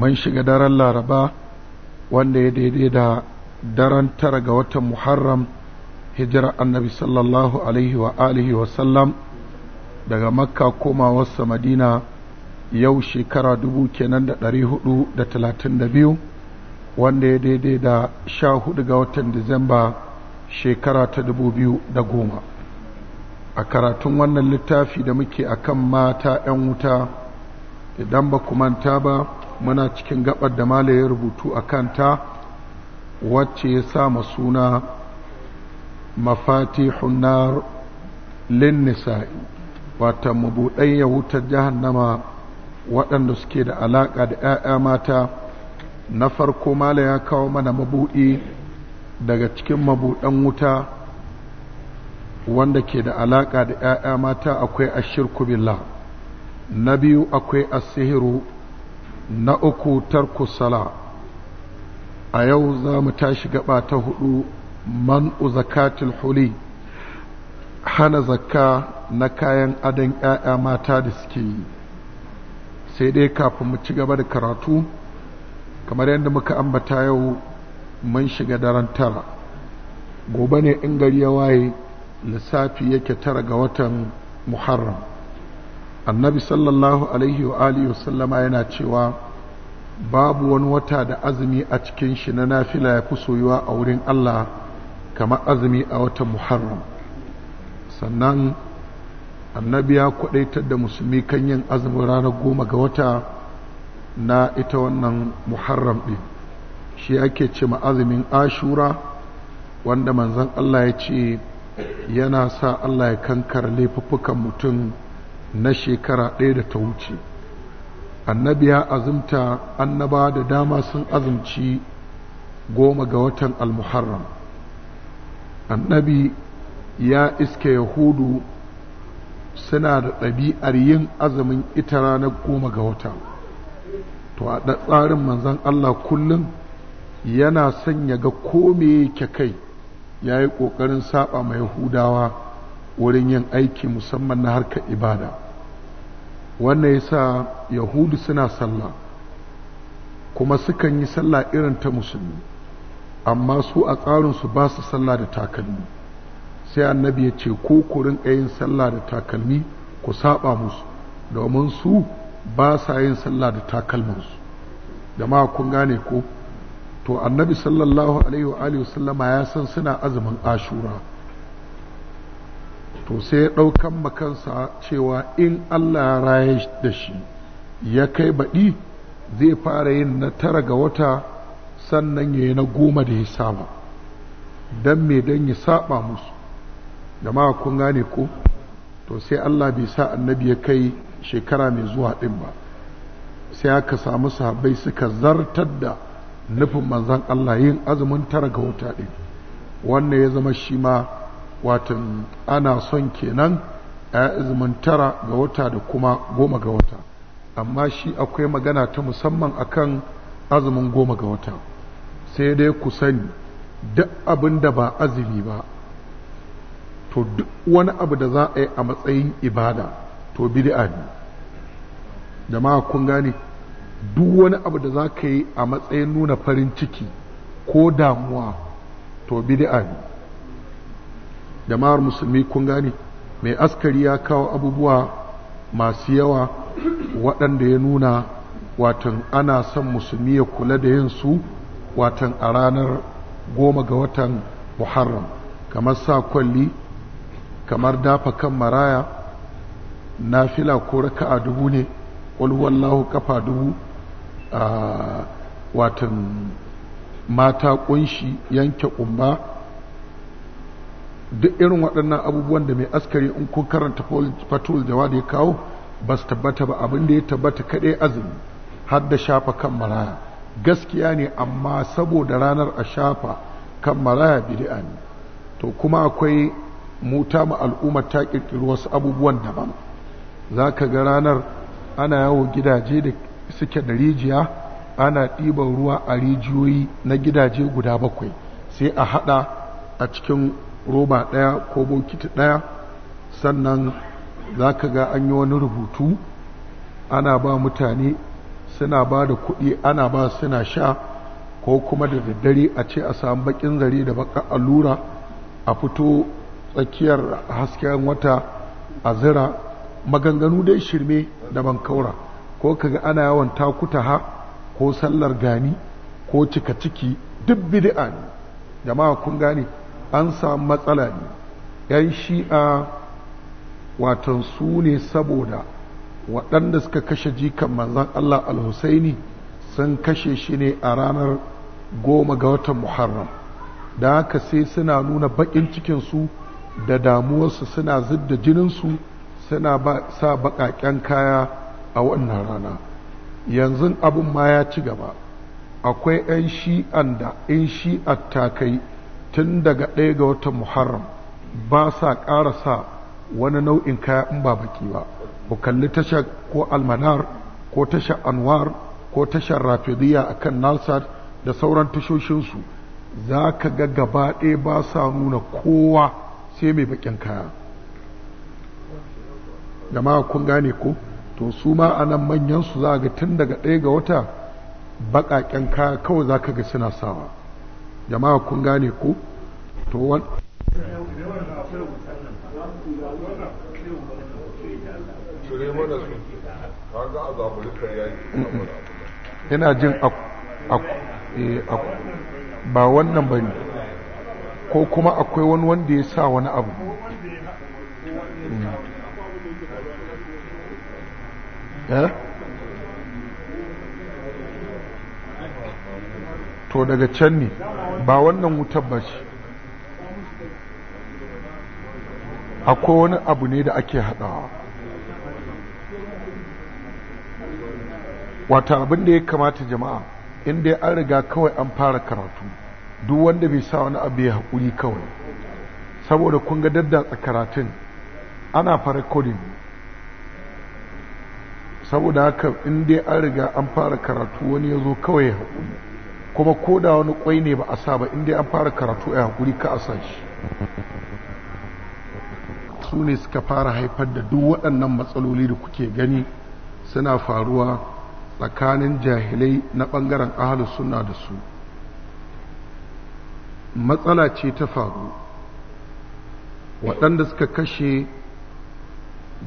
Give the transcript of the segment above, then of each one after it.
man shiga daren laraba wanda ya daidai da daren tara ga watan muharram hijira annabi sallallahu alaihi wa alihi wa sallam daga makka komawarsa madina yau shekara dubu kenan da ɗari hudu da talatin da biyu wanda ya daidai da sha hudu ga watan disamba shekara ta dubu biyu da goma a karatun wannan littafi da muke akan mata 'yan wuta idan ba ku manta ba muna cikin gabar da mala ya rubutu a kanta wacce ya sa ma suna mafati hunar linnisa'i wata mabuɗai ya wutar jahannama waɗanda suke da alaƙa da 'ya'ya mata na farko mala ya kawo mana mabuɗi daga cikin mabuɗan wuta wanda ke da alaƙa da 'ya'ya mata akwai ashirku billah na biyu akwai asihiru na uku tarku sala a yau za mu tashi gaba ta hudu man zakatil huli hana zakka na kayan adon 'ya'ya mata da suke yi sai dai kafin mu ci gaba da karatu kamar yadda muka ambata yau mun shiga daren tara gobe ne in gari ya waye lissafi yake tara ga watan muharram annabi sallallahu alaihi wa alihi wasallama yana cewa babu wani wata da azumi a cikin shi na nafila ya soyuwa a wurin Allah kamar azumi a watan Muharram sannan annabi ya kwadaitar da musulmi kan yin azumin ranar goma ga wata na ita wannan Muharram din shi ake ce ma azumin Ashura wanda manzon Allah ya ce yana sa Allah ya kankar laifuffukan mutum na shekara ɗaya da ta wuce annabi ya azumta annaba da dama sun azumci goma ga watan almuharram annabi ya iske yahudu suna da ɗabi'ar yin azumin ita ranar goma ga wata to a tsarin manzon allah kullum yana sanya ga ko me kai ya yi ƙoƙarin saɓa ma yahudawa wurin yin aiki musamman na harkar ibada wannan ya sa yahudu suna sallah kuma sukan yi sallah irin ta musulmi amma su a tsarinsu ba su sallah da takalmi sai annabi ya ce ko kurin rinka yin sallah da takalmi ku saba musu domin su ba sa yin sallah da takalmansu ma kun gane ko to annabi sallallahu alaihi wa sallama ya san suna azumin ashura to sai ya ɗaukan makansa cewa in Allah raya da shi ya kai baɗi zai fara yin na tara ga wata sannan ya yi na goma da ya saba don me don ya saba musu jama'a kun gane ko to sai Allah bai sa annabi ya kai shekara mai zuwa ɗin ba sai aka samu sahabbai suka zartar da nufin manzan Allah yin azumin tara ga wata ɗin wannan ya zama shi ma watan ana son kenan a azumin tara ga wata da kuma goma ga wata amma shi akwai magana ta musamman akan azumin goma ga wata sai dai ku sani duk abin ba azumi ba to duk wani abu da za a yi a matsayin ibada to bid'a ne jama'a kun gane duk wani abu da za ka yi a matsayin nuna farin ciki ko damuwa to bid'a ne da mawar musulmi kun gane mai askari ya kawo abubuwa masu yawa waɗanda ya nuna watan ana son musulmi ya kula da yin su watan a ranar goma ga watan muharram kamar sa kwalli kamar dafa kan maraya Na fila ko raka a dubu ne wallahu kafa dubu a watan mata kunshi yanke ƙumba duk irin waɗannan abubuwan da mai askari in kun karanta fatul jawad ya kawo ba su tabbata ba abin da ya tabbata kaɗai azumi har da shafa kan maraya gaskiya ne amma saboda ranar a shafa kan maraya bid'a ne to kuma akwai muta ma al'umma ta ƙirƙiri wasu abubuwan daban za ka ga ranar ana yawo gidaje da suke da rijiya ana ɗiban ruwa a rijiyoyi na gidaje guda bakwai sai a haɗa a cikin roba ɗaya ko bokiti ɗaya sannan za ka ga an yi wani rubutu ana ba mutane suna ba da kuɗi ana ba suna sha ko kuma da daddare a ce a samu bakin zare da baka allura a fito tsakiyar hasken wata a zira maganganu dai shirme da ban kaura ko ka ga ana yawan takuta ha ko sallar gani ko cika ciki duk bid'a ne jama'a kun gane an samu matsala ne yan shi'a watan su ne saboda waɗanda suka kashe jikan manzan Allah al-Husaini sun kashe shi ne a ranar goma ga watan Muharram da haka sai suna nuna baƙin cikinsu da damuwarsu suna zidda jininsu suna sa baƙaƙen kaya a wannan rana yanzu abin ma ya ci gaba akwai 'yan shi'an da in shi'ar ta kai tun daga ɗaya ga watan muharram ba sa ƙara sa wani nau'in kaya in ba baki ba ku kalli tashar ko almanar ko tashar anwar ko tashar rafidiyya a kan nalsat da sauran tashoshinsu za ka ga gaba ɗaya ba sa nuna kowa sai mai baƙin kaya gama kun gane ko to su ma a nan manyansu za ga tun daga ɗaya ga wata baƙaƙen kaya kawai za ka ga suna sawa jama'a kun gane ku, to wan yana jin eh, ba wannan ba ne ko kuma akwai wani wanda ya sa wani abu hmm. eh to daga can ne ba wannan wutar ba ce akwai wani abu ne da ake haɗawa wata abin da ya kamata jama'a inda an riga kawai an fara karatu duk wanda bai sa wani abu ya haƙuri kawai saboda kun ga daddatsa karatun ana fara kodin saboda haka inda an riga an fara karatu wani ya zo kawai ya haƙuri kuma ko da wani kwai ne ba a sa ba inda an fara karatu a hankuri ka a sa shi su ne suka fara haifar da duk waɗannan matsaloli da kuke gani suna faruwa tsakanin jahilai na ɓangaren ahalu suna da su matsala ce ta faru waɗanda suka kashe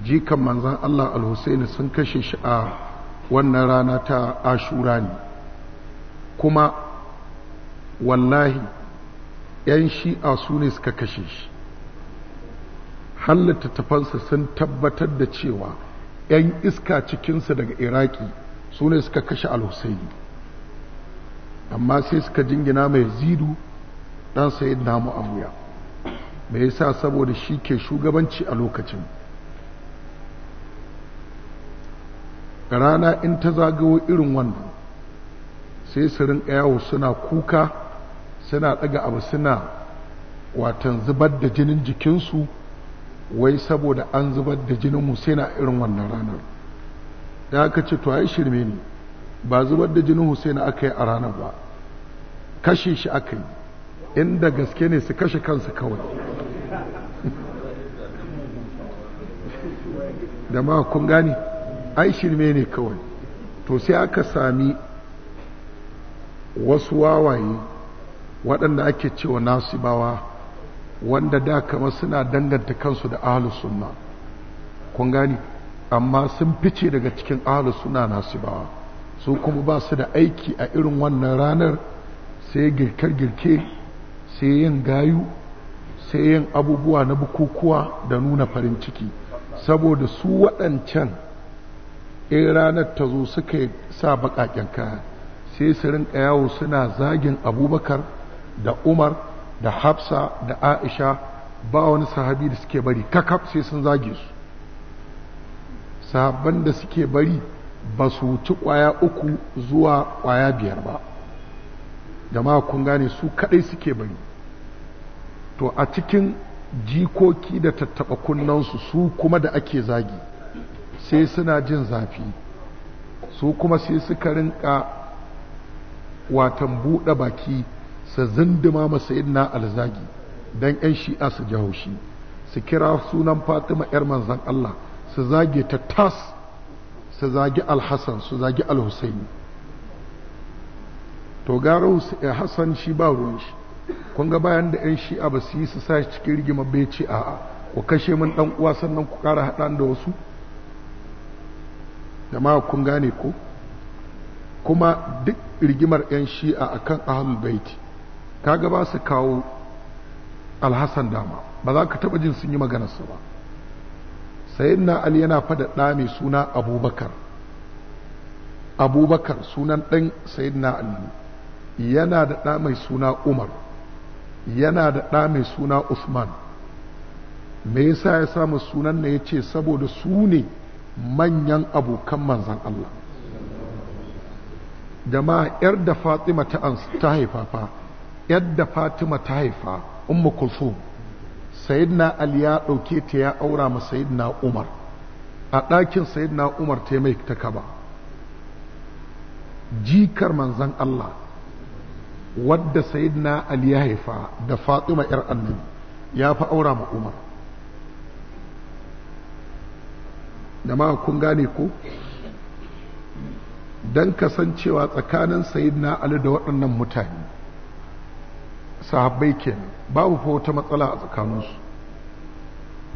jikan manzan Allah al-Husaini sun kashe shi a wannan rana ta ashura ne kuma wallahi ‘yan shi'a su ne suka kashe shi Hallita tafansa sun tabbatar da cewa ‘yan iska cikinsa daga iraki su ne suka kashe al amma sai suka jingina mai zidu ɗan sayi namu a wuya mai yasa saboda shi ke shugabanci a lokacin rana in ta zagawo irin wannan sai sirin ɗaya suna kuka suna ɗaga abu suna watan zubar da jinin jikinsu wai saboda an zubar da jinin husaina irin wannan ranar ya aka ce to ai shirme ne ba zubar da jinin husaina aka yi a ranar ba kashe shi aka yi inda gaske ne su kashe kansu kawai da ma kun gane ai shirme ne kawai to sai aka sami wasu wawaye waɗanda ake cewa nasibawa wanda da kama suna danganta kansu da ahlus sunna kun gani amma sun fice daga cikin ahlus sunna nasibawa su kuma ba su da aiki a irin wannan ranar sai girke-girke sai yin gayu sai yin abubuwa na bukukuwa da nuna farin ciki saboda su waɗancan in ranar ta zo suka sa baƙaƙen kaya sai su rinka yawo suna zagin abubakar da umar da hafsa da aisha ba wani sahabi da suke bari kakaf sai sun zage su sahabban da suke bari ba su ci kwaya uku zuwa kwaya biyar ba ma kun gane su kadai suke bari to a cikin jikoki da tattaba kunnansu su kuma da ake zagi sai suna jin zafi su kuma sai suka rinka watan buɗe baki su zindima masa inna alzagi don 'yan shi'a su ji haushi su kira sunan fatima 'yar manzan Allah su zage ta tas su zage alhassan su zage alhussaini to gara eh, hassan shi ba ruwan shi kun ga bayan da 'yan shi'a ba su yi su sa cikin rigima bai ce a'a ku kashe min dan uwa sannan ku kara haɗa da wasu jama'a kun gane ko kuma duk rigimar 'yan shi'a akan ahlul baiti kaga ba su kawo alhassan dama ba za ka taɓa jin sun yi maganarsa ba na ali yana fada ɗa mai suna abubakar abubakar sunan ɗan na ali yana da ɗa mai suna umar yana da ɗa mai suna usman me yasa ya samu sunan na ya ce saboda su ne manyan abokan manzan Allah jama'a yar da fatima ta haifafa yadda fatima ta haifa umma kulfu sayyidina ali ya ɗauke ta ya aura ma sayyidina umar a ɗakin sayyidina umar ta mai ta kaba jikar manzan allah wadda sayyidina ali ya haifa da fatima yar annabi ya fi aura ma umar ma kun gane ko don kasancewa tsakanin sayidina ali da waɗannan mutane sahabbai ke babu fa wata matsala a tsakaninsu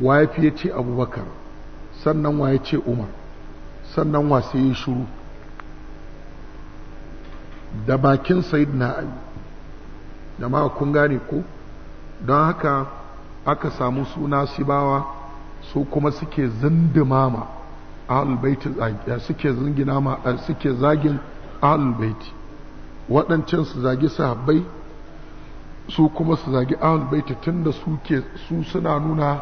waye fiye ce abubakar sannan waye ce umar sannan wa sai ya shuru da bakin na ali ma kun gane ko don haka aka samu suna sibawa su kuma suke zindimama ahalbaiti suke zingina ma suke zagin ahalbaiti waɗancan su zagi sahabbai su kuma su zagi ahlul baiti tunda suke su suna nuna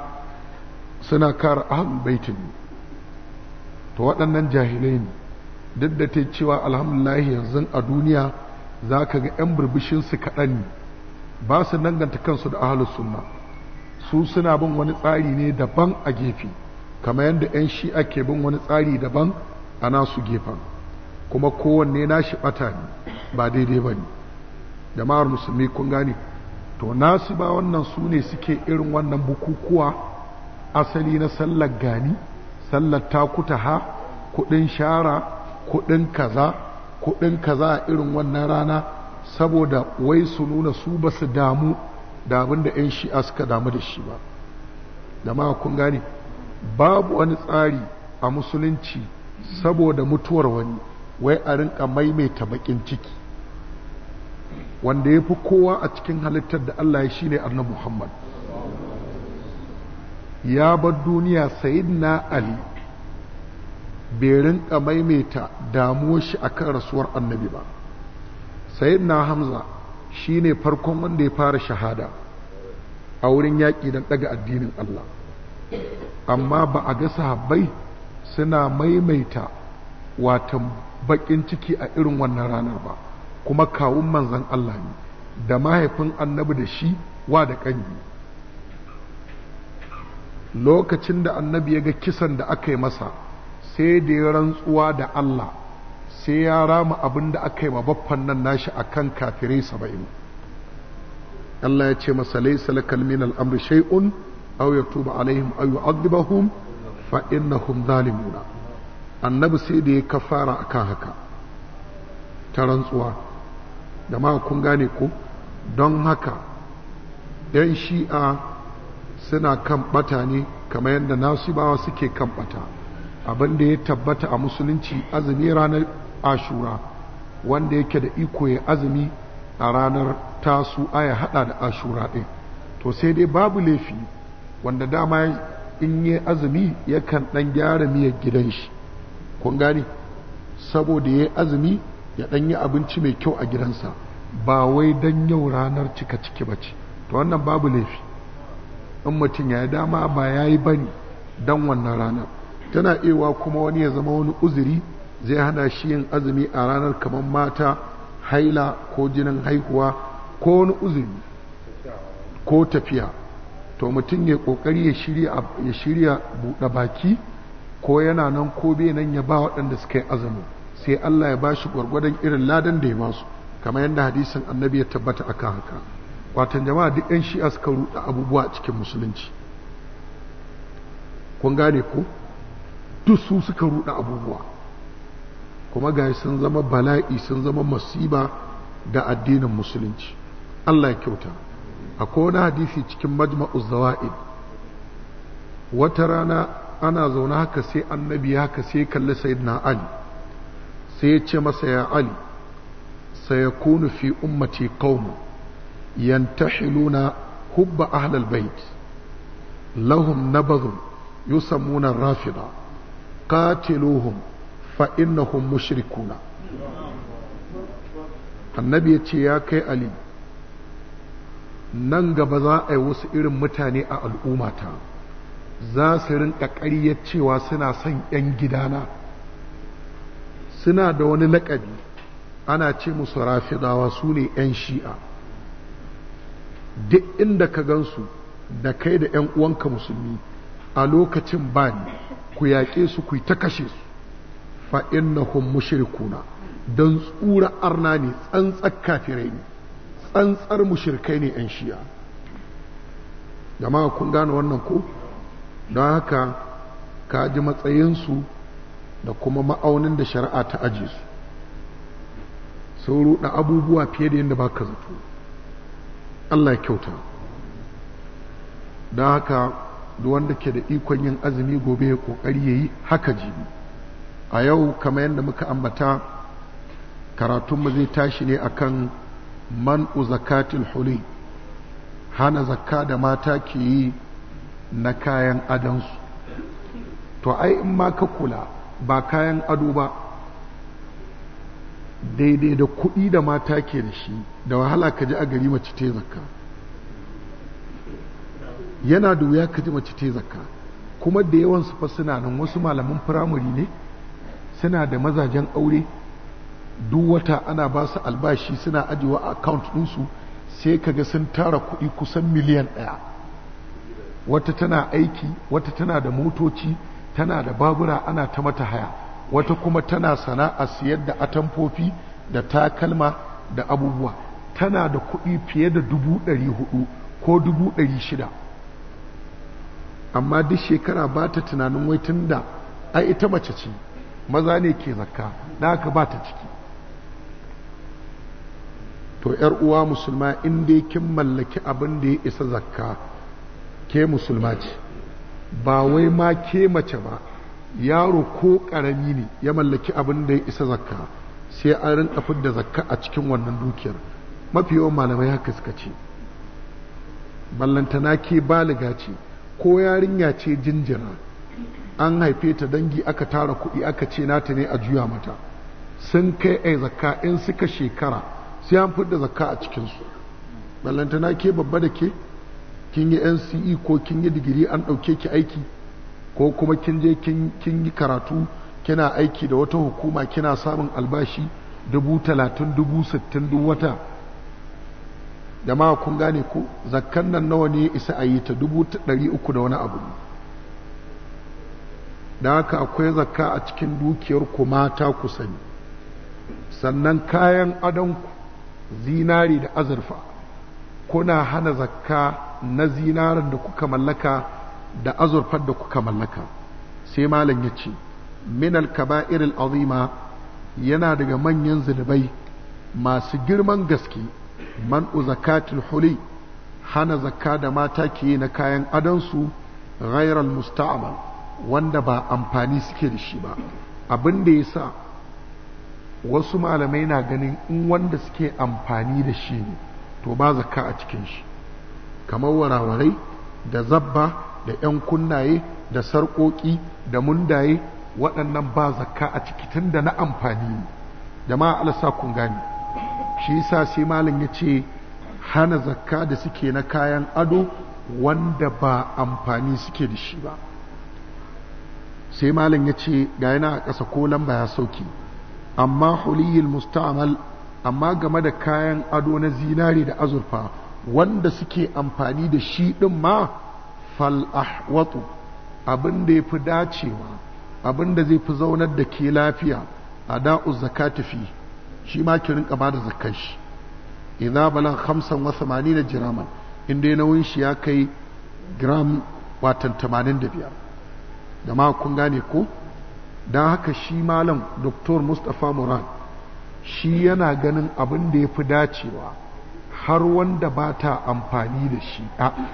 suna kare ahlul ne to waɗannan jahilai ne duk da ta cewa alhamdulahi yanzu a duniya za ka ga 'yan su kaɗan ne ba su danganta kansu da ahalus sunna su suna bin wani tsari ne daban a gefe kamar yadda 'yan shi'a ke bin wani tsari daban a nasu gefen kuma kowanne nashi ɓata ne ba daidai ba ne jama'ar musulmi kun gane to nasu ba wannan su ne suke irin wannan bukukuwa asali na sallar gani sallar takuta ha kudin shara kudin kaza kudin kaza a irin wannan rana saboda wai su nuna su ba su damu da abin da 'yan shi'a suka damu da shi ba da kun gane babu wani tsari a musulunci saboda mutuwar wani wai a rinka maimaita bakin ciki wanda ya fi kowa a cikin halittar da Allah ya shi ne annabi Muhammad ya bar duniya sayidina Ali bai rinka maimaita damuwar shi akan rasuwar annabi ba sayidina Hamza shi ne farkon wanda ya fara shahada a wurin yaƙi don ɗaga addinin Allah amma ba a ga sahabbai suna maimaita watan baƙin ciki a irin wannan ranar ba kuma kawun manzan Allah ne da mahaifin annabi da shi wa da kanyi lokacin da annabi ya ga kisan da aka yi masa sai da ya rantsuwa da Allah sai ya rama abin da aka yi ma baffan nan nashi a kan kafirai saba'in Allah ya ce masa laisa lakal min al'amri shay'un aw yatubu alaihim aw yu'adhibahum fa innahum zalimuna annabi sai da ya kafara akan haka ta rantsuwa da ma kun gane ku don haka yan shi'a suna kan bata ne kamar yadda nasibawa suke kan bata abin da ya tabbata a musulunci azumi ranar ashura wanda yake da iko ya azumi a ranar tasu aya hada da ashura ɗin to sai dai babu laifi wanda dama in yi azumi yakan ɗan gyara miyar gidan shi kun gane saboda ya azumi ya ɗan yi abinci mai kyau a gidansa ba wai dan yau ranar cika ciki ba ce to wannan babu laifi in mutum ya dama ba ya yi bane dan wannan ranar tana ewa kuma wani ya zama wani uzuri zai hana shi yin azumi a ranar kamar mata haila ko jinin haihuwa ko wani uzuri ko tafiya to mutum ya kokari ya shirya buɗe baki ko yana nan ko bai nan ya ba waɗanda suka yi azumi sai Allah ya bashi gwargwadon irin ladan da ya masu kamar yadda hadisin annabi ya tabbata akan haka watan jama'a duk yan shi'a suka ruɗa abubuwa cikin musulunci kun gane ko duk su suka ruɗa abubuwa kuma ga sun zama bala'i sun zama masiba da addinin musulunci Allah ya kyauta akwai wani hadisi cikin majma'u zawa'id wata rana ana zaune haka sai annabi haka sai kalli sayyidina ali sai ya ce masa ya ali sayakunu fi ummati qaumun yantahiluna hubba ahlal bait lahum nabadhun yusammuna rafida qatiluhum fa innahum mushrikuna annabi ya ce ya kai ali nan gaba za a yi wasu irin mutane a al'ummata za su rinka ƙaryar cewa suna son 'yan gidana suna da wani laƙabi ana ce musu rafidawa su ne 'yan shi'a duk inda ka gansu da kai da 'yan uwanka musulmi a lokacin bani ku yaƙe su ku ta kashe su fa innahum mushrikuna don tsura arna ne tsantsar kafirai ne tsantsar mushrikai ne 'yan shi'a jama'a kun gane wannan ko don haka ka ji matsayinsu da kuma ma'aunin da shari'a ta aje su sun ruɗa abubuwa fiye da yadda ba ka zato Allah ya kyauta don haka wanda ke da ikon yin azumi gobe ya kokari yi haka jibi a yau kamar yadda muka ambata karatunmu zai tashi ne akan man zakatil huli hana zakka da mata ke yi na kayan adansu to ai in ma ka kula ba kayan ado ba daidai da kuɗi da mata ke da shi da wahala ka ji a gari mace te zakka yana da wuya ka ji mace te zakka kuma da yawan su fa suna nan wasu malamin firamare ne suna da mazajen aure duk wata ana ba su albashi suna ajiyewa a account ɗinsu sai ka ga sun tara kuɗi kusan miliyan ɗaya wata tana aiki wata tana da motoci tana da babura ana ta mata haya wata kuma tana sana'a siyar da atamfofi da takalma da abubuwa tana da kuɗi fiye da dubu ɗari hudu ko dubu ɗari shida amma duk shekara ba ta tunanin wai tun da ai ita mace ce maza ne ke zakka da aka ba ta ciki to yar uwa musulma in dai kin mallaki abin da ya isa zakka ke musulma ce ba wai ma ke mace ba yaro ko ƙarami ne ya mallaki abin da ya isa zakka sai an rinka da zakka a cikin wannan dukiyar mafi yawan malamai haka suka ce ballantana ke baliga ce ko yarinya ce jinjira an haife ta dangi aka tara kuɗi aka ce nata ne a juya mata sun kai a zakka in suka shekara sai an fidda zakka a cikinsu ballantana ke babba da ke kin yi NCE ko kin yi digiri an ɗauke ki aiki ko kuma kin je kin yi karatu kina aiki da wata hukuma kina samun albashi dubu talatin dubu sittin duk wata jama'a kun gane ko zakkan nan nawa ne isa a yi ta dubu ɗari uku da wani abu da haka akwai zakka a cikin dukiyar ku mata ku sani sannan kayan adonku zinari da azurfa kuna hana zakka na zinarin da kuka mallaka da azurfar da kuka mallaka sai malam ya ce min al-kaba'ir al-azima yana daga manyan zunubai masu girman gaske man zakatul huli hana zakka da mata ke na kayan adansu ghairal musta'mal wanda ba amfani suke da shi ba abin da ya sa wasu malamai na ganin in wanda suke amfani da shi ne to ba zakka a cikin shi kamar warawarai da zabba da 'yan kunnaye da sarƙoƙi da mundaye waɗannan ba zakka a ciki tun da na amfani jama'a alasa kun gani shi yasa sai malam ya ce hana zakka da suke na kayan ado wanda ba amfani suke da shi ba sai malam ya ce ga yana a ƙasa ko lamba ya sauki amma huliyil musta'mal amma game da kayan ado na zinari da azurfa wanda suke amfani da shi ɗin ma fal'ahwatu abin da ya fi dacewa abin da zai fi zaunar da ke lafiya a da'u zakati fi shi ma ki rinka ba da shi idza balan khamsan wa jiraman inda ya nauyin shi ya kai gram watan 85 da ma kun gane ko don haka shi malam dr mustapha murad shi yana ganin abin da ya fi dacewa har wanda ba ta amfani da shi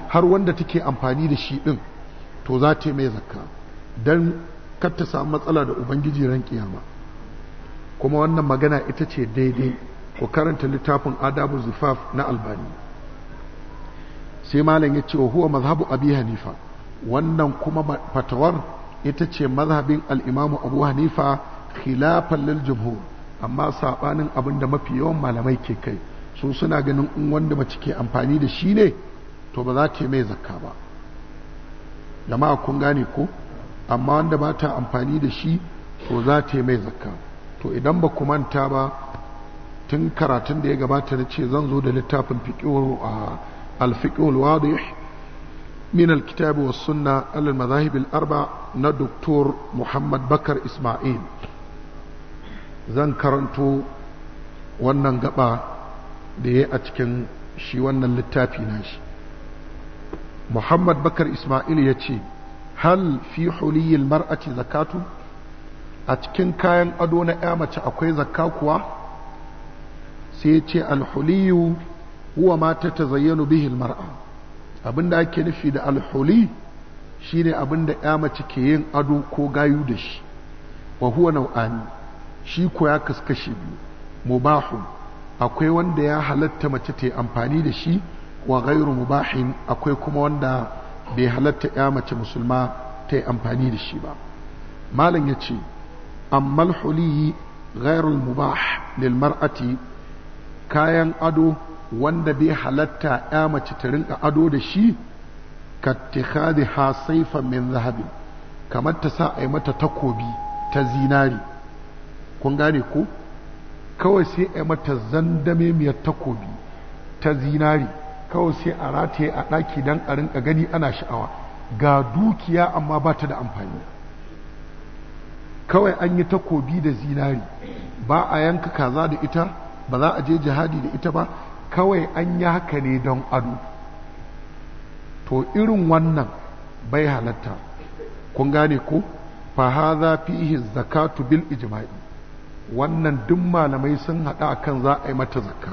har wanda take amfani da shi din to za ta yi mai zakka don kar ta samu matsala da ubangiji ran kiyama kuma wannan magana ita ce daidai ku karanta littafin adabu zifaf na albani sai malam ya ce wa huwa mazhabu abi hanifa wannan kuma fatawar ita ce mazhabin al'imamu abu hanifa khilafan lil amma saɓanin abin da mafi yawan malamai ke kai su suna ganin in wanda mace ke amfani da shi ne to ba za ta yi mai zakka ba jama'a kun gane ko amma wanda ba ta amfani da shi to za ta yi mai zakka to idan ba ku manta ba tun karatun da ya gabata na ce zan zo da littafin alfiƙul wadih min alkitabi wa sunna alal mazahib arba na doktor muhammad bakar ismail zan karanto wannan gaba da ya a cikin shi wannan littafi na shi muhammad bakar ismail ya ce hal fi huliyil mar'aci zakatu a cikin kayan ado na ya mace akwai zakka kuwa sai ya ce alhuliyu huwa ma ta tazayyanu bihil mar'a abinda ake nufi da alhuli shine abinda ya mace ke yin ado ko gayu da shi wa huwa nau'ani shi ko ya kaskashi biyu mubahun akwai wanda ya halatta mace ta yi amfani da shi wa ghairu mubahin akwai kuma wanda bai halatta ya mace musulma ta yi amfani da shi ba malam ya ce ammal huliyi gairu mubah lil mar'ati kayan ado wanda bai halatta ya mace ta rinka ado da shi kattikhadi ha saifan min zahabi kamar ta sa a yi mata takobi ta zinari kun gane ko kawai sai a mata zandame miyar takobi ta zinari kawai sai a rataye a ɗaki don a rinka gani ana sha'awa ga dukiya amma ba ta da amfani kawai an yi takobi da zinari ba a yanka kaza da ita ba za a je jihadi da ita ba kawai an yi haka ne don ado to irin wannan bai halatta kun gane ko fa fi fihi zakatu bil ijma'i wannan duk malamai sun haɗa kan za a yi mata zakka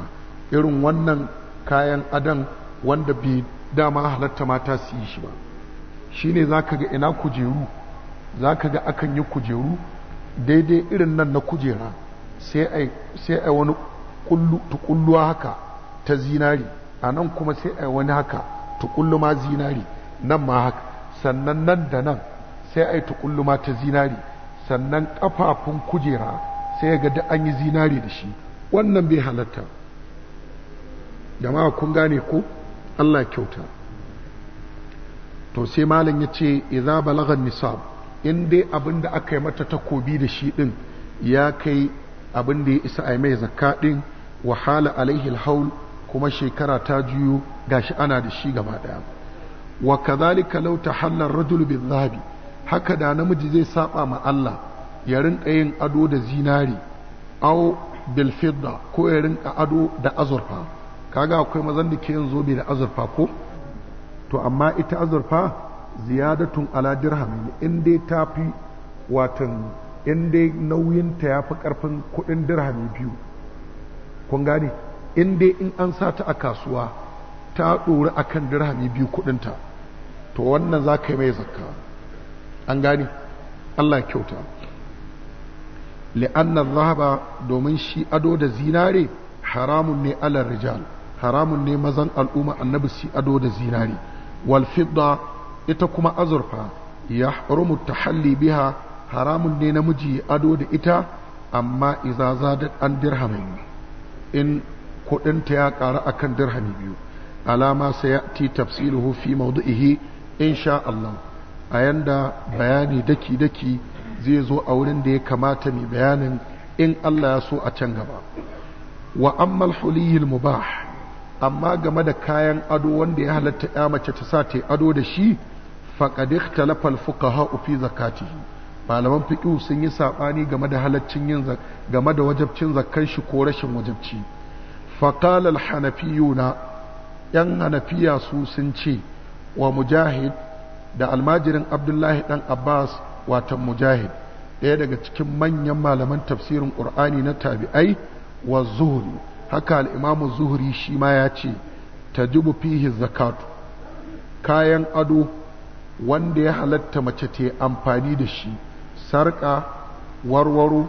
irin wannan kayan adan wanda bi dama halatta mata su yi shi ba shi ne za ka ga ina kujeru za ka ga akan yi kujeru daidai irin nan na kujera sai a wani tukulluwa haka ta zinari a nan kuma sai a wani haka tukullu ma zinari nan ma haka sannan nan da nan sai a yi tukullu ma ta zinari sannan kafafun kujera sai ga da an yi zinari da shi wannan bai halatta jama'a kun gane ko Allah kyauta to sai malam ya ce idza balagha nisab in dai abin da aka yi mata takobi da shi din ya kai abin da ya isa a mai zakka din wahala alaihi alhaul kuma shekara ta juyo gashi ana da shi gaba daya wa kadhalika law tahalla ar-rajul bi haka da namiji zai saba ma Allah ya rinka ado da zinari au bil ko ya rinka ado da azurfa kaga akwai mazan da ke yin zobe da azurfa ko to amma ita azurfa ziyadatun ala dirham in dai ta fi watan in dai nauyinta ya fi karfin kudin dirham biyu kun gane in dai in an sa ta a kasuwa ta ɗori akan dirhami biyu ta to wannan za ka yi mai zakka an gane allah kyauta li'annan zahaba domin shi ado da zinare haramun ne alar rijal haramun ne mazan al'umma annabi shi ado da zinari wal ita kuma azurfa ya haramu tahalli biha haramun ne namiji ado da ita amma iza zadat an dirhamin in kudinta ya ƙara akan dirhami biyu alama sai ya ti tafsiluhu fi mawdu'ihi insha Allah a yanda bayani daki-daki zai zo a wurin da ya kamata mai bayanin in Allah ya so a can gaba wa ammal huliyil mubah amma game da kayan ado wanda ya halatta ya mace ta sa ta ado da shi faqad ikhtalafa al-fuqaha fi zakatihi malaman fiqh sun yi saɓani game da halaccin yin game da wajabcin zakkan shi ko rashin wajabci faqala al-hanafiyuna yan hanafiya su sun ce wa mujahid da almajirin abdullahi dan abbas watan mujahid ɗaya daga cikin manyan malaman tafsirin ƙur'ani na tabi'ai wa zuhuri haka al'imamu zuhuri shi ma ya ce ta jibu fihi zakatu kayan ado wanda ya halatta mace ta amfani da shi sarƙa warwaro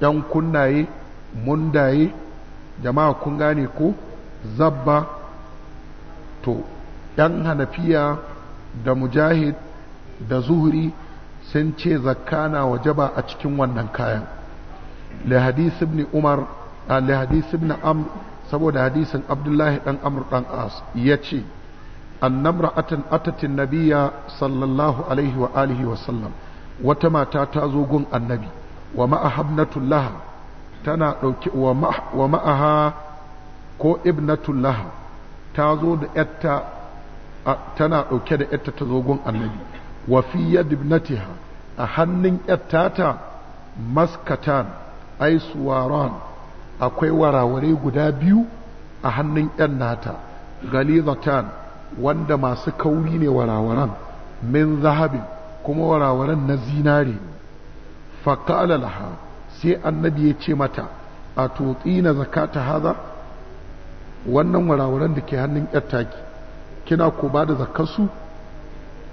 ‘yan kunnaye mundaye jama'a kun gane ko zabba to ‘yan hanafiya da mujahid da zuhuri sun ce zakka na ba a cikin wannan kayan lihadis ibn umar a lihadis ibn amr saboda hadisin abdullahi dan amr dan as ya ce annamra'atan atatin nabiya sallallahu alaihi wa alihi wa sallam wata mata ta zo gun annabi wa ma'ahabnatul laha tana dauke wa ma'aha ko ibnatul laha ta zo da yatta tana dauke da yatta ta zo gun annabi wa fi a hannun yattata maskatan ai akwai warawarai guda biyu a hannun yan nata galizatan wanda masu kauri ne warawaran min zahabin kuma warawaran na zinare faƙala laha sai annabi ya ce mata a tutsi na zakata haza wannan warawaran da ke hannun yattaki kina ko ba da zakarsu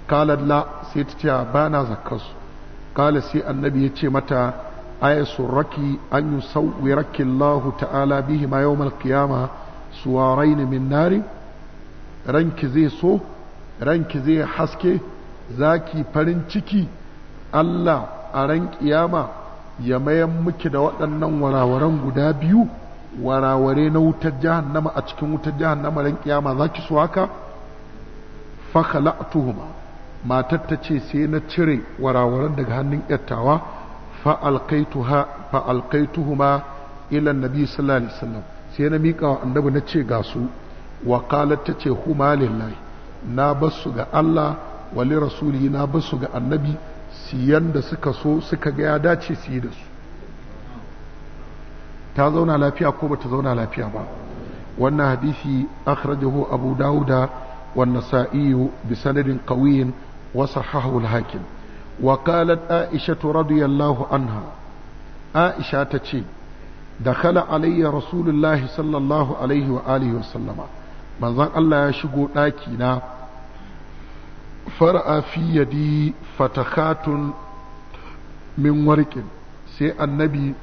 kalar la sai ta ce ba na zakkarsu kala sai annabi ya ce mata aya surraki an yi sauwiraki Allah ta'ala bihi ma yawmal qiyama suwaraini min nari ranki zai so ranki zai haske zaki farin ciki Allah a ran kiyama ya mayan miki da waɗannan warawaran guda biyu waraware na wutar jahannama a cikin wutar jahannama ran kiyama zaki so haka fa matar ta ce sai na cire warawaran daga hannun yattawa fa'alƙaituhuma ilan nabi sallallahu alaihi wasallam sai na miƙa wa annabi na ce ga su wakalar ta ce huma lillahi na basu ga Allah wali rasuli na basu ga annabi siyan da suka so suka ga ya dace su yi da su ta zauna lafiya ko bata zauna lafiya ba wannan hadisi akhrajahu abu dauda bi sanadin قوي وصححه الحاكم وقالت عائشة رضي الله عنها عائشة تشي دخل علي رسول الله صلى الله عليه وآله وسلم من ظن الله يشقو لكن فرأى في يدي فتخات من ورق sai annabi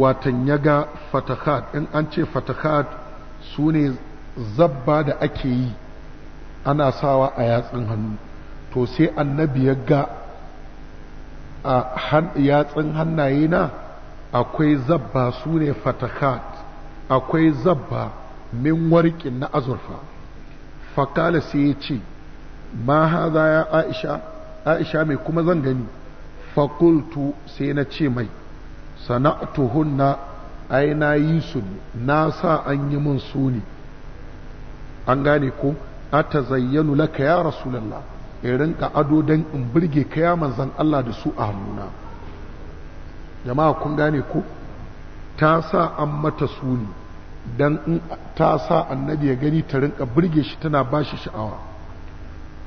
watan ya ga fatahat in an ce fatahat su ne zabba da ake yi ana sawa a yatsun hannu to sai annabi ya ga a yatsun hannaye na akwai zabba su ne fatakat akwai zabba min warƙin na azurfa fakala sai ya ce ma haza ya aisha aisha mai kuma zan gani fakultu sai na ce mai sana'atuhunna ai na yi su ne na sa an yi min su ne an gane ko a ta zayyanu laka ya rasulallah in rinka ado don in burge kaya manzan Allah da su a hannuna jama'a kun gane ko ta sa an mata suni don ta sa annabi ya gani ta rinka burge shi tana ba shi sha'awa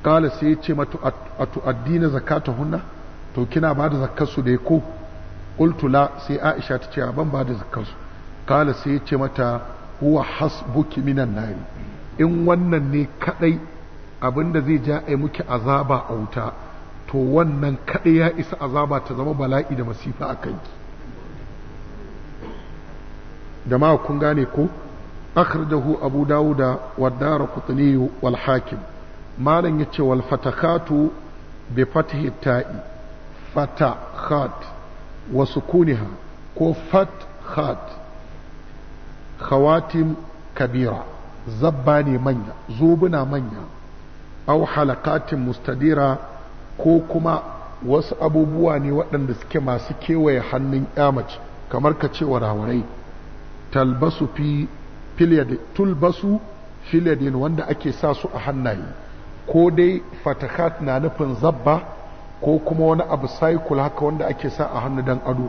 kala sai ya ce mata a tu'addi na zakata hunna to kina ba da zakarsu da ya ko ultula sai aisha ta ce ban ba da zakarsu kala sai ya ce mata huwa hasbuki minan nari in wannan ne kadai abinda zai ja a muke azaba a wuta to wannan kaɗai ya isa azaba ta zama bala'i da masifa a kanki ma kun gane ko akhrajahu abu dawuda wa darqutni wal hakim malam yace wal fatakatu bi fathi ta'i fatahat wa sukuniha ko fatkhat khawatim kabira zabba ne manya zubuna manya au halakatin mustadira ko kuma wasu abubuwa ne waɗanda suke masu kewaye hannun mace kamar ka ce warawarai talbasu fi tulbasu filiyadin wanda ake sa su a hannaye ko dai fatakat na nufin zabba ko kuma wani abu cycle haka wanda ake sa a hannu dan ado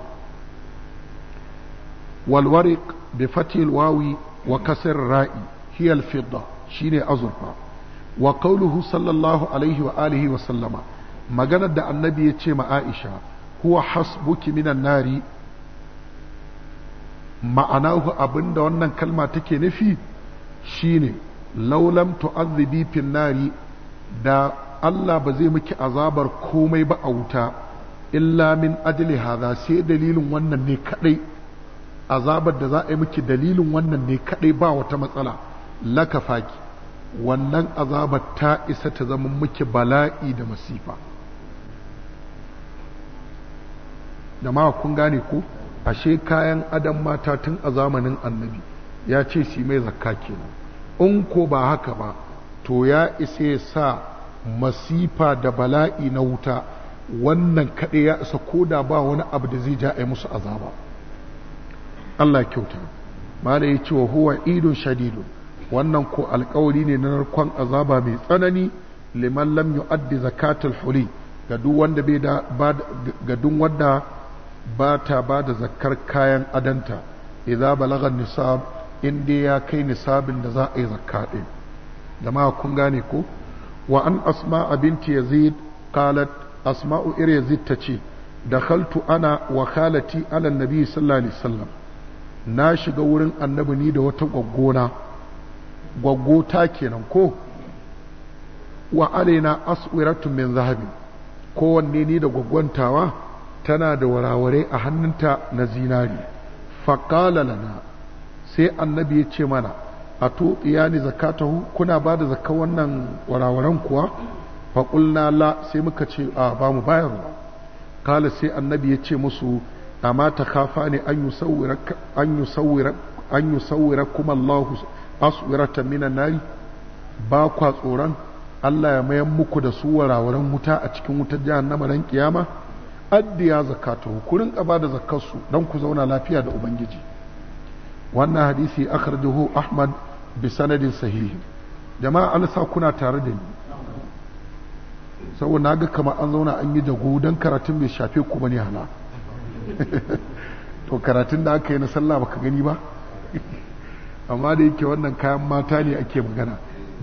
walwarik bi fatil wawi wa kasar ra'i hiyal alfidda shine azurfa wa qawluhu sallallahu alaihi wa alihi wa sallama maganar da annabi ya ce ma Aisha huwa hasbuki minan nari ma'anahu abinda wannan kalma take nufi shine laulam tu'azzibi fin nari da Allah ba zai miki azabar komai ba a wuta illa min ajli hadha sai dalilin wannan ne kadai azabar da za a yi miki dalilin wannan ne kadai ba wata matsala laka faki wannan azabar ta isa ta zama muke bala'i da masifa da ma kun gane ku? ashe kayan adam mata tun a zamanin annabi ya ce shi mai zakka kenan in ko ba haka ba to ya isa ya sa masifa da bala'i na wuta wannan kaɗai ya isa ko da ba wani abu da zai ja a musu azaba Allah kyauta ma da ya ce wa huwa idun shadidun wannan ko alkawari ne na narkon azaba mai tsanani liman lam yu'addi zakatul huli ga duk wanda bai da ga duk wanda ba ta ba da zakar kayan adanta idza balagha nisab in dai ya kai nisabin da za a yi zakka din jama'a kun gane ko wa an Asma'a binti yazid qalat asma'u ir yazid tace dakhaltu ana wa khalati ala nabi sallallahu alaihi wasallam na shiga wurin annabi ni da wata gwaggona Gwaggo ta kenan ko wa alaina aswiratu min zahabi kowanne ni da gwaggwantawa tana da waraware a hannunta na zinari faƙala lana sai annabi ya ce mana a tuɗiya ne zakatahu kuna ba da zakka wannan warawaran kuwa faƙulna la sai muka ce a ba mu bayarwa kala sai annabi ya ce musu amma ta kafa ne an yi sauwira kuma Allah aswiratan minan nari ba kwa tsoron Allah ya mayan muku da su warawaran wuta a cikin wutar jahannama ran kiyama addiya zakatu ku rinka da zakarsu don ku zauna lafiya da ubangiji wannan hadisi akhrajahu ahmad bi sanadin sahihi jama'a an sa kuna tare da ni saboda naga kamar an zauna an yi jago don karatun bai shafe ku bane hala to karatun da aka yi na sallah baka gani ba amma da yake wannan kayan mata ne ake magana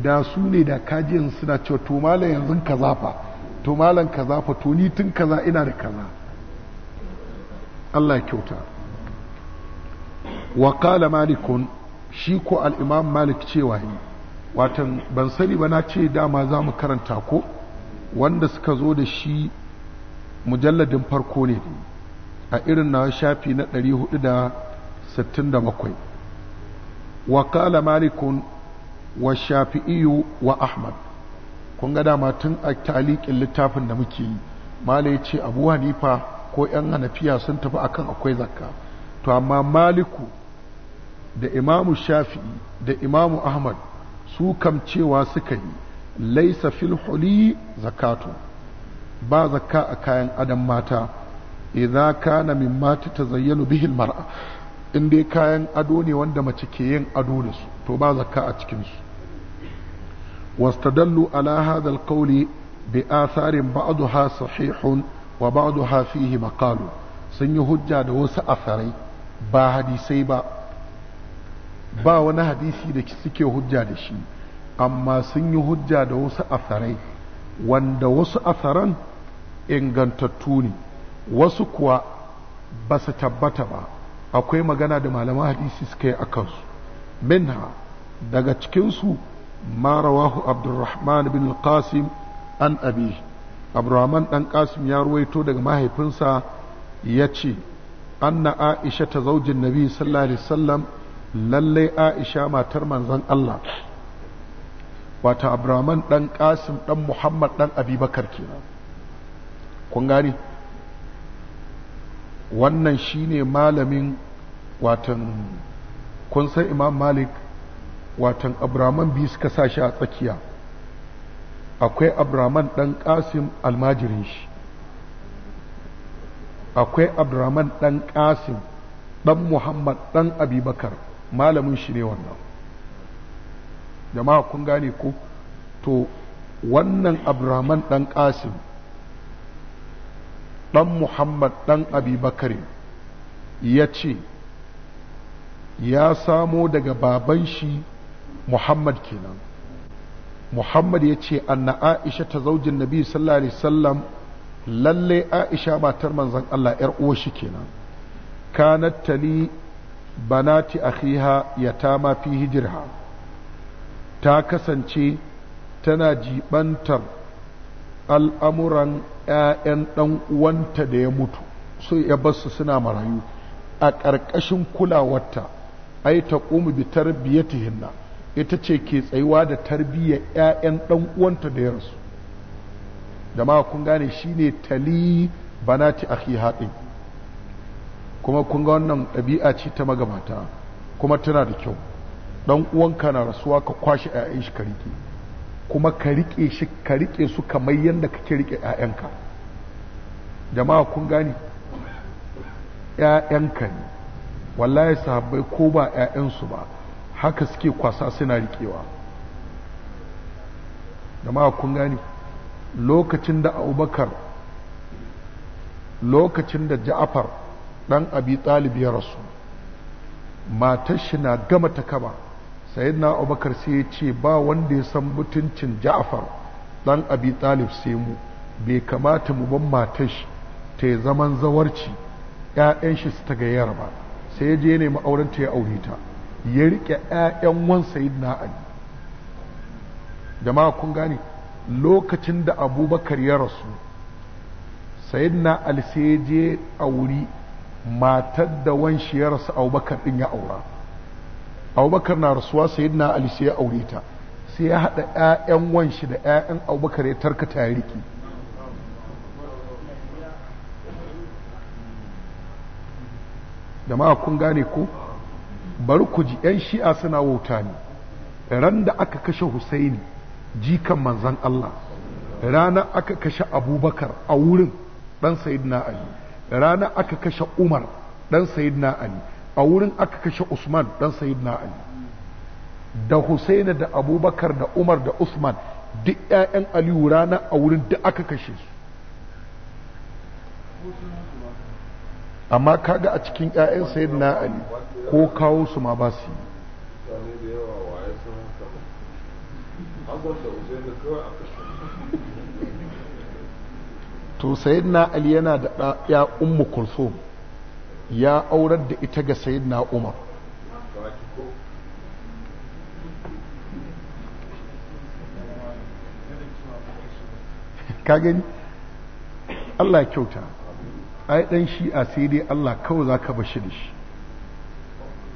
da su ne da kajin suna cewa to malam yanzu ka zafa to malam ka zafa to ni tun kaza ina da kaza Allah kyauta wa qala malikun shi ko al-imam malik cewa yi watan ban sani ba na ce dama za mu karanta ko wanda suka zo da shi mujalladin farko ne a irin na shafi na 467 وقال مالك والشافعي وأحمد kun ga dama tun a talikin littafin da muke yi mala yace, ce abu hanifa ko yan hanafiya sun tafi akan akwai zakka to amma maliku da imamu shafi'i da imamu ahmad su kam cewa suka yi laisa fil huli zakatu ba zakka a kayan adam mata idza kana mimma tatazayyalu bihi mar'a in dai kayan ado ne wanda mace ke yin ado da su to ba zakka a cikinsu wastadallu ala hadha alqawli bi atharin ba'daha sahihun wa ba'daha fihi maqalu sun yi hujja da wasu asarai ba hadisai ba ba wani hadisi da suke hujja da shi amma sun yi hujja da wasu asarai wanda wasu asaran ingantattu ne wasu kuwa ba su tabbata ba akwai magana da malaman hadisi suka yi a kansu minha daga cikinsu marawahu rawahu abdurrahman bin qasim an abi abdurrahman dan qasim ya ruwaito daga mahaifinsa ya ce anna aisha ta zaujin nabi sallallahu alaihi wasallam lallai aisha matar manzon Allah wata abdurrahman dan kasim dan muhammad dan abubakar kenan kun gani wannan shine malamin watan kun san imam malik watan abraman biyu suka sa shi a tsakiya akwai abraman ɗan ƙasim almajirin shi akwai abraman ɗan ƙasim ɗan muhammad ɗan abubakar malamin shi ne wannan jama'a kun gane ko to wannan abraman ɗan ƙasim ɗan muhammad ɗan abubakar ya ce ya samo daga baban shi muhammad kenan muhammad ya ce anna aisha ta zaujin nabi sallallahu alaihi wasallam lalle aisha matar manzon allah yar uwar shi kenan kanat tali banati akhiha yatama fi hijirha ta kasance tana jibantar al'amuran 'ya'yan ɗan uwanta da ya mutu so ya su suna marayu a ƙarƙashin kulawarta ai taqumu bi tarbiyatihinna ita ce ke tsayuwa da tarbiyyar ƴaƴan dan uwanta da yarsu jama'a kun gane shine tali banati akhiha din kuma kun ga wannan ɗabi'a ce ta magabata kuma tana da kyau ɗan uwanka na rasuwa ka kwashe ƴaƴan shi ka rike kuma ka rike shi ka rike su kamar yadda kake rike ƴaƴanka jama'a kun gane ƴaƴanka ne wallahi sahabbai ko ba 'ya'yansu ba haka suke kwasa suna riƙewa da kun gani lokacin da abubakar lokacin da ja'afar ɗan abi ɗalib ya rasu matar shi na gama ta kaba na abubakar sai ya ce ba wanda ya san mutuncin ja'afar ɗan abi ɗalib sai mu bai kamata mu ban matar shi ta zaman zawarci 'ya'yan shi su ta gayyar ba sai je ne auren ya aure ta ya rike ƴaƴan wan na ali jama'a kun gane lokacin da abubakar ya rasu na ali sai ya je aure, matar da wanshi ya rasu abubakar ɗin ya aura abubakar na rasuwa na ali sai ya aure ta sai ya haɗa ƴaƴan wanshi da ƴaƴan abubakar ya tarkata ya riƙe jama'a kun gane ko bari ku ji yan shi'a suna wauta ne ran da aka kashe husaini jikan manzan Allah rana aka kashe abubakar a wurin dan sayidina ali rana aka kashe umar dan sayidina ali a wurin aka kashe usman dan sayidina ali da husaini da abubakar da umar da usman duk 'ya'yan aliyu rana a wurin duk aka kashe su amma kaga a cikin 'ya'yan sayyidina ali ko kawo su ma ba su yi to sayyidina ali yana da ya ummu kulsum ya aurar da ita ga sayyidina umar ka gani Allah kyauta ai dan a sai dai Allah kawai za ka bashi da shi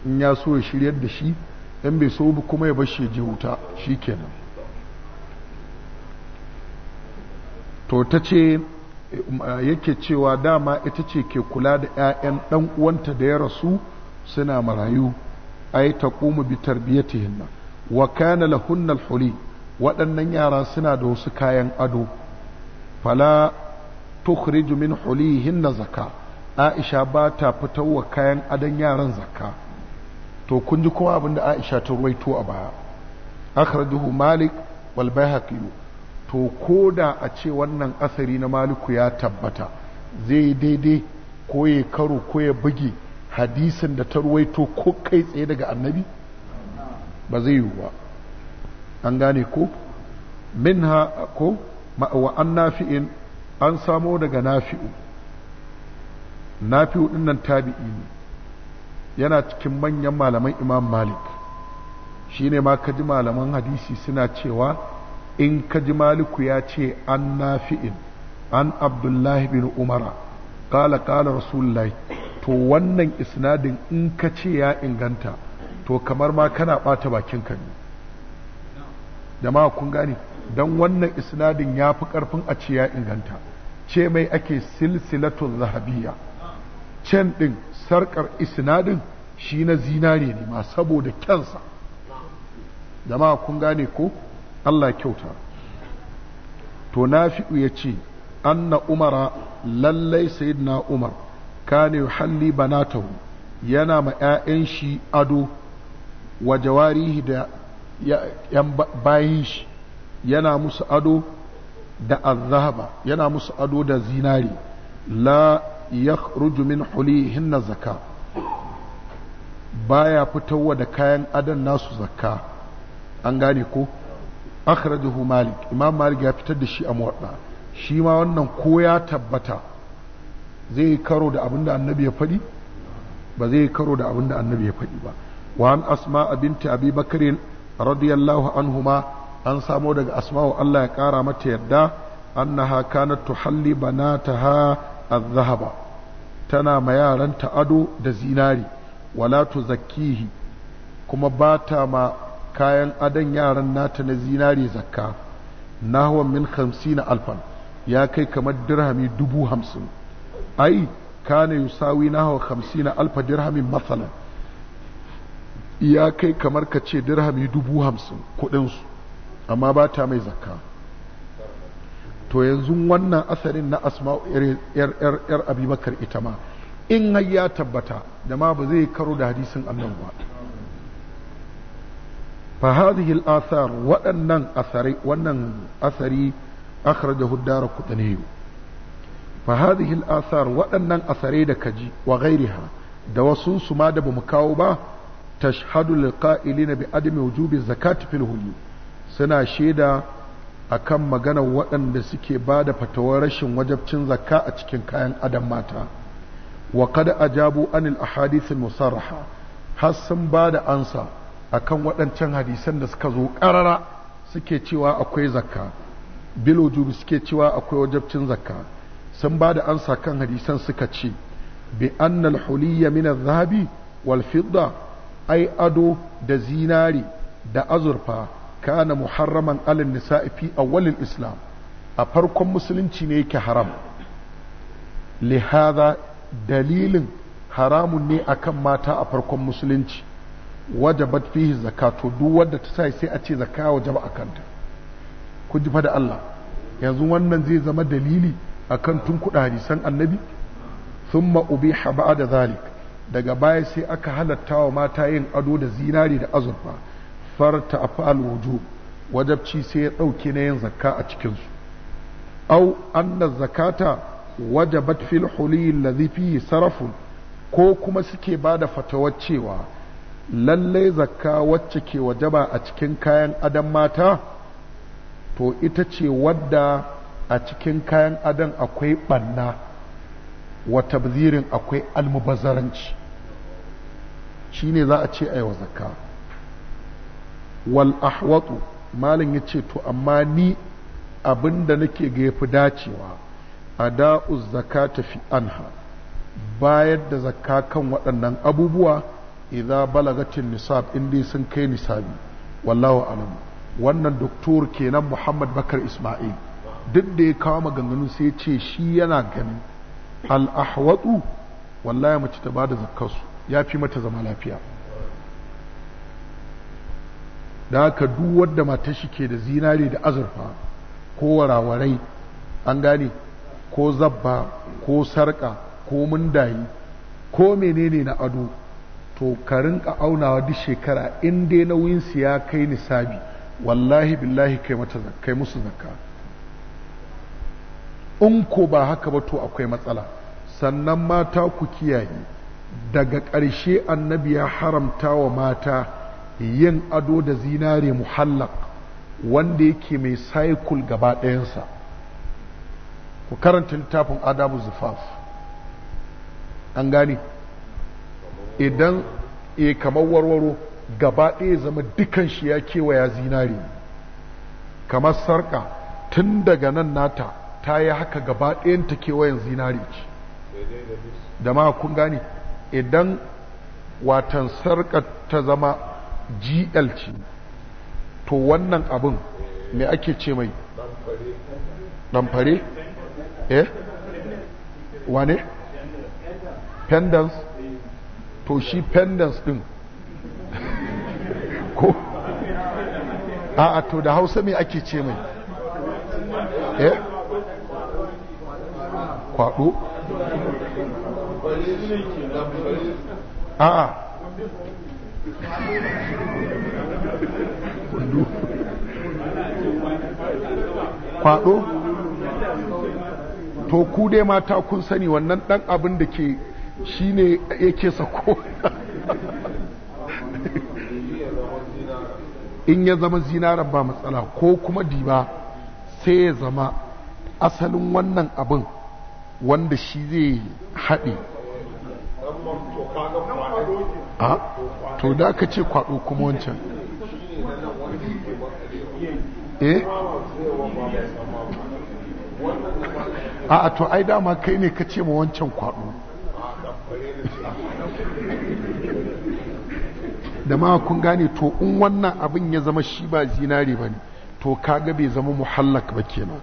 in ya so ya shiryar da shi yan bai so kuma ya bashi ya je wuta shi kenan to ta ce yake cewa dama ita ce ke kula da 'ya'yan ɗan uwanta da ya rasu suna marayu ai ta kuma bi tarbiyatihinna wa kana lahunnal huli waɗannan yara suna da wasu kayan ado fala tukhriju min hulihinna zakka Aisha ba ta wa kayan adon yaran zakka to kun ji kuma abin da Aisha ta ruwaito a baya aka akhrajahu Malik wal Baihaqi to da a ce wannan asari na Maliku ya tabbata zai daidai ko ya karo ko ya buge hadisin da ta ruwaito ko kai tsaye daga annabi ba zai yiwu ba an gane ko minha ko wa an nafi'in an samo daga nafi'u nafi'u dinnan nan tabi'i ne yana cikin manyan malaman imam malik shi ne ma kaji malaman hadisi suna cewa in kaji maliku ya ce an nafi'in an abdullahi bin umara kala kala rasulullahi to wannan isnadin in ka ce ya inganta to kamar ma kana ɓata ka ne jama'a kun gane don wannan isnadin ya fi ƙarfin a ce ya inganta ce mai ake silsilatun zahabiya can ɗin sarƙar isnadin shi na zinare ne ma saboda kyansa jama'a kun gane ko Allah kyauta to na nafi'u ya ce anna umara lallai na umar kane na banatahu yana ma 'ya'yan shi ado wa jawarihi da 'yan bayin shi yana musu ado da azhaba yana musu ado da zinari la yakhruju min hulihinna zakka baya fitowa da kayan adon nasu zakka an gane ko akhrajahu malik imam malik ya fitar da shi a muwadda shi ma wannan ko ya tabbata zai yi karo da abin da annabi ya faɗi ba zai yi karo da abin da annabi ya faɗi ba wa an asma binti abi bakr radiyallahu anhuma an samo daga asma'u Allah ya ƙara mata yadda annaha kanat tuhalli banataha az-zahaba tana ma yaranta ado da zinari wala tuzakkihi kuma ba ta ma kayan adon yaran nata na zinari zakka nahwan min na alfan ya kai kamar dirhami dubu hamsin ai kana yusawi nahwa na alfa dirhamin matsalan ya kai kamar ka ce dirhami dubu hamsin kuɗinsu amma ba ta mai zakka to yanzu wannan asarin na asma'u yar abubakar ita ma in har ya tabbata ma ba zai karo da hadisin annabi ba fa hadhihi al-athar waɗannan asari wannan asari akhrajahu ad-darqutni fa hadhihi al-athar waɗannan asare da kaji wa ghairiha da wasu su ma da bamu kawo ba tashhadu lil qa'ilina bi adami wujubi zakati fil huyu suna shaida kan maganar waɗanda suke ba da fatawar rashin wajabcin zakka a cikin kayan adam mata wa ajabu anil ahadithil musarraha har sun ba da ansa a kan waɗancan hadisan da suka zo ƙarara suke cewa akwai zakka bilojubi suke cewa akwai wajabcin zakka sun ba da ansa kan hadisan suka ce bi annal huliyya min zahabi wal fidda ai ado da zinari da azurfa kana muharraman alin nisa'i fi awwalil islam a farkon musulunci ne yake haram lihada dalilin haramun ne akan mata a farkon musulunci wajabat fihi zakato duk wanda ta sai sai a ce zakka wajaba akanta ku ji fa da Allah yanzu wannan zai zama dalili akan tun kuɗa hadisan annabi thumma ubiha ba'da zalik daga baya sai aka halatta wa mata yin ado da zinari da azurfa farta afal wujub wajabci sai ya ɗauki na yin zakka a cikinsu au anna zakata wajabat fil huli allazi fihi sarafun ko kuma suke ba da fatawar cewa lallai zakka wacce ke wajaba a cikin kayan adam mata to ita ce wadda a cikin kayan adam akwai ɓanna wa tabzirin akwai almubazzaranci shine za a ce a wa zakka wal ahwatu malin ya ce to amma ni abin da nake ga yafi dacewa ada'u zakata fi anha bayar da zakka kan waɗannan abubuwa idza balagatin nisab in dai sun kai nisabi wallahu alam wannan doktor kenan Muhammad Bakar Ismail duk da ya kawo maganganu sai ce shi yana ganin al ahwatu wallahi mace ta bada zakkarsu ya fi mata zama lafiya da haka duk da mata shi ke da zinari da azurfa ko warawarai an gane ko zabba ko sarƙa ko mundayi ko menene na ado to ka rinka aunawa duk shekara in dai nauyin su ya kai nisabi wallahi billahi kai mata kai musu zakka in ko ba haka ba to akwai matsala sannan mata ku kiyaye daga ƙarshe annabi ya haramta wa mata yin ado da zinare muhallak wanda yake mai cycle gaba ɗayansa ku karanta littafin adabu zufaf an gane idan e kamar warwaro gaba ɗaya zama dukan shi ya kewaya zinare kamar sarka tun daga nan nata ta yi haka gaba ɗayanta kewayen zinare ce da ma kun gane idan watan sarka ta zama gl ce to wannan abin me ake ce mai ɗanfare eh wane pendants to shi pendants ɗin ko a to da hausa me ake ce mai eh kwaɗo a kwado to ku dai mata kun sani wannan dan abin da ke shi ne yake sako in ya zama zinaran ba matsala ko kuma diba sai ya zama asalin wannan abin wanda shi zai haɗe a to da ka ce kwado kuma wancan eh a to ai dama kai ne ka ce ma wancan kwado da ma kun gane to in wannan abin ya zama shi ba zinari ba ne to kaga bai zama muhallak ba kenan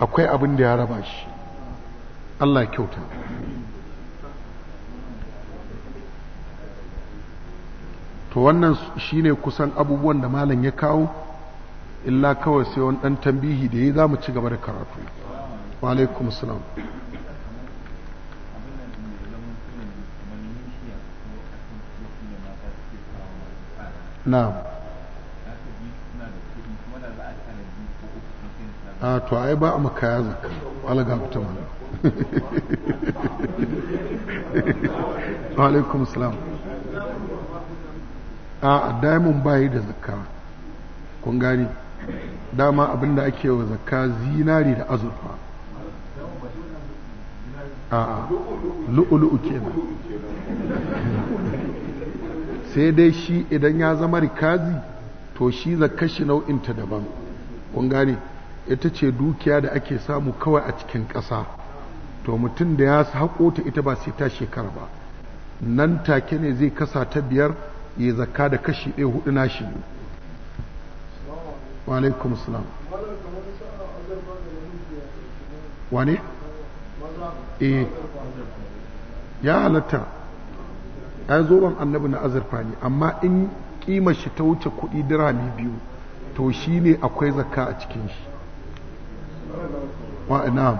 akwai abin da ya raba shi Allah kyauta to wannan shine kusan abubuwan da malam ya kawo illa kawai sai wani ɗan tambihi da ya za mu ci gaba da karatu wa alaikum salam na'am a to ai ba a makaya zaka fita mutum wa alaikum salam a diamond bayi da zakka kun gani dama abinda ake wa zakka zinari da azurfa a lu'ulu'u kenan sai dai shi idan ya zama rikazi to shi zakka shi nau'inta daban kun gani ita ce dukiya da ake samu kawai a cikin ƙasa to mutum da ya haƙo ta ita ba sai ta shekara ba nan take ne zai kasa ta biyar ya zakka da kashi ɗaya hudu nashi wa alaikum salam wane? eh ya halatta ya zo ban annabi na azurfa ne amma in kima shi ta wuce kuɗi ne biyu to shi ne akwai zakka a cikin shi wa na'am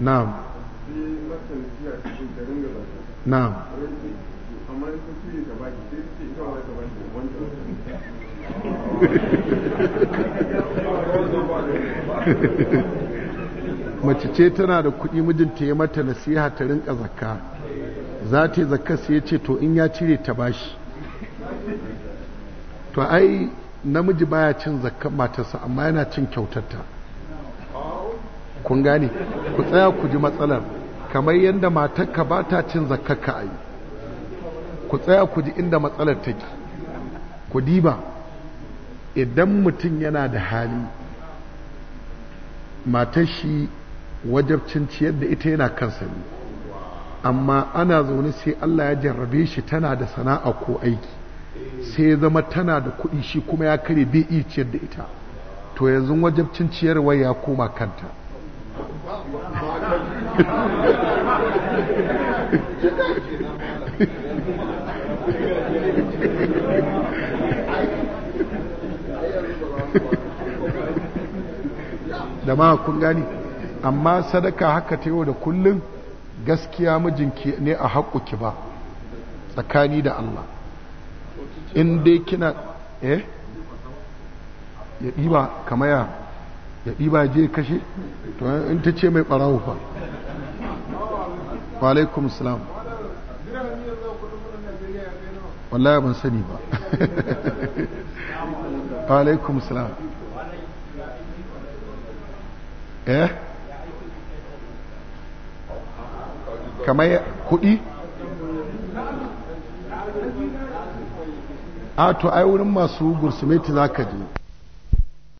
na'am na'am mace ce tana da kuɗi mijinta ya mata nasiha ta rinka zakka za ta yi zakka sai ya ce to in ya cire ta bashi to ai namiji baya cin zakkan matarsa amma yana cin kyautarta kun gane ku tsaya ku ji matsalar kamar yadda matarka ba ta cin zakakka a yi ku tsaya ku ji inda matsalar take ku diba idan mutum yana da hali matar shi wajabcin ciyar da ita yana kan sami, amma ana zaune sai Allah ya jarrabe shi tana da sana'a ko aiki sai zama tana da kuɗi shi kuma ya kare bai iya ciyar da ita to yanzu wajabcin ciyarwa ya koma kanta da ma kun gani amma sadaka haka ta yau da kullum gaskiya mijinki ne a ki ba tsakani da Allah in dai kina eh ya ɗiba kamaya ya ɗiba je kashe to in ta ce mai ɓarawo fa walaikum salam wallahi ban sani ba walaikum salam eh kamar kuɗi a to ai wurin masu gursumeti za ka je